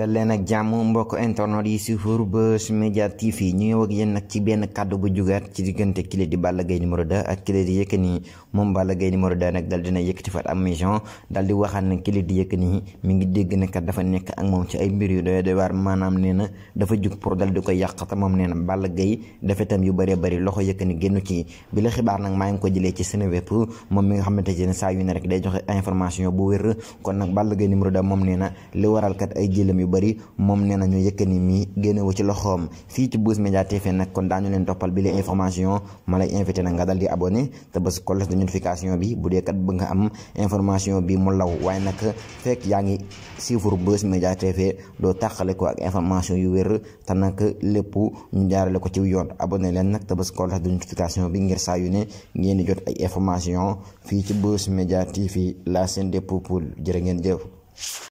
dal leen ak jàmm mbokk internet yi si four Buzz Media TV ñu ngi ak yéen nag ci benn kàddu bu jugaat ci diggante kile di Balla Gaye numéro 2 ak kile di Yékini moom Balla Gaye numéro 2 nag dal dina yëkkati fat am mission dal di waxaat ne kile di Yékini mi ngi dégg ne kat dafa nekk ak moom ci ay mbir yu doy doy waar maanaam nee na dafa jug pour dal di ko yàq te moom nee na Balla Gaye dafa itam yu bëree bëri loxo ni génnu ci bi la xibaar nag maa ngi ko jëlee ci Seneweb moom mi nga xamante ne saa yu ne rek day joxe information bu wér kon nag Balla Gaye numéro 2 moom nee na li waral kat ay bari moom nee nañu Yékini mi génnewu ci loxoom fii ci Buzz Media TV nag kon daañu leen toppal bi la information mala lay invité nag nga dal di abonné te bés kolas de notification bi bu dee kat bëgg nga am information bi mu law waaye nag fekk yaa ngi suivre Buzz Media TV doo tàqale ko ak information yu wér te nag lépp ñu jaarale ko ci yoon abonné leen nag te bés kolas de notification bi ngir saa yu ne ngeen di jot ay information fii ci Buzz Media TV la chaîne des peuples jërë ngeen jëf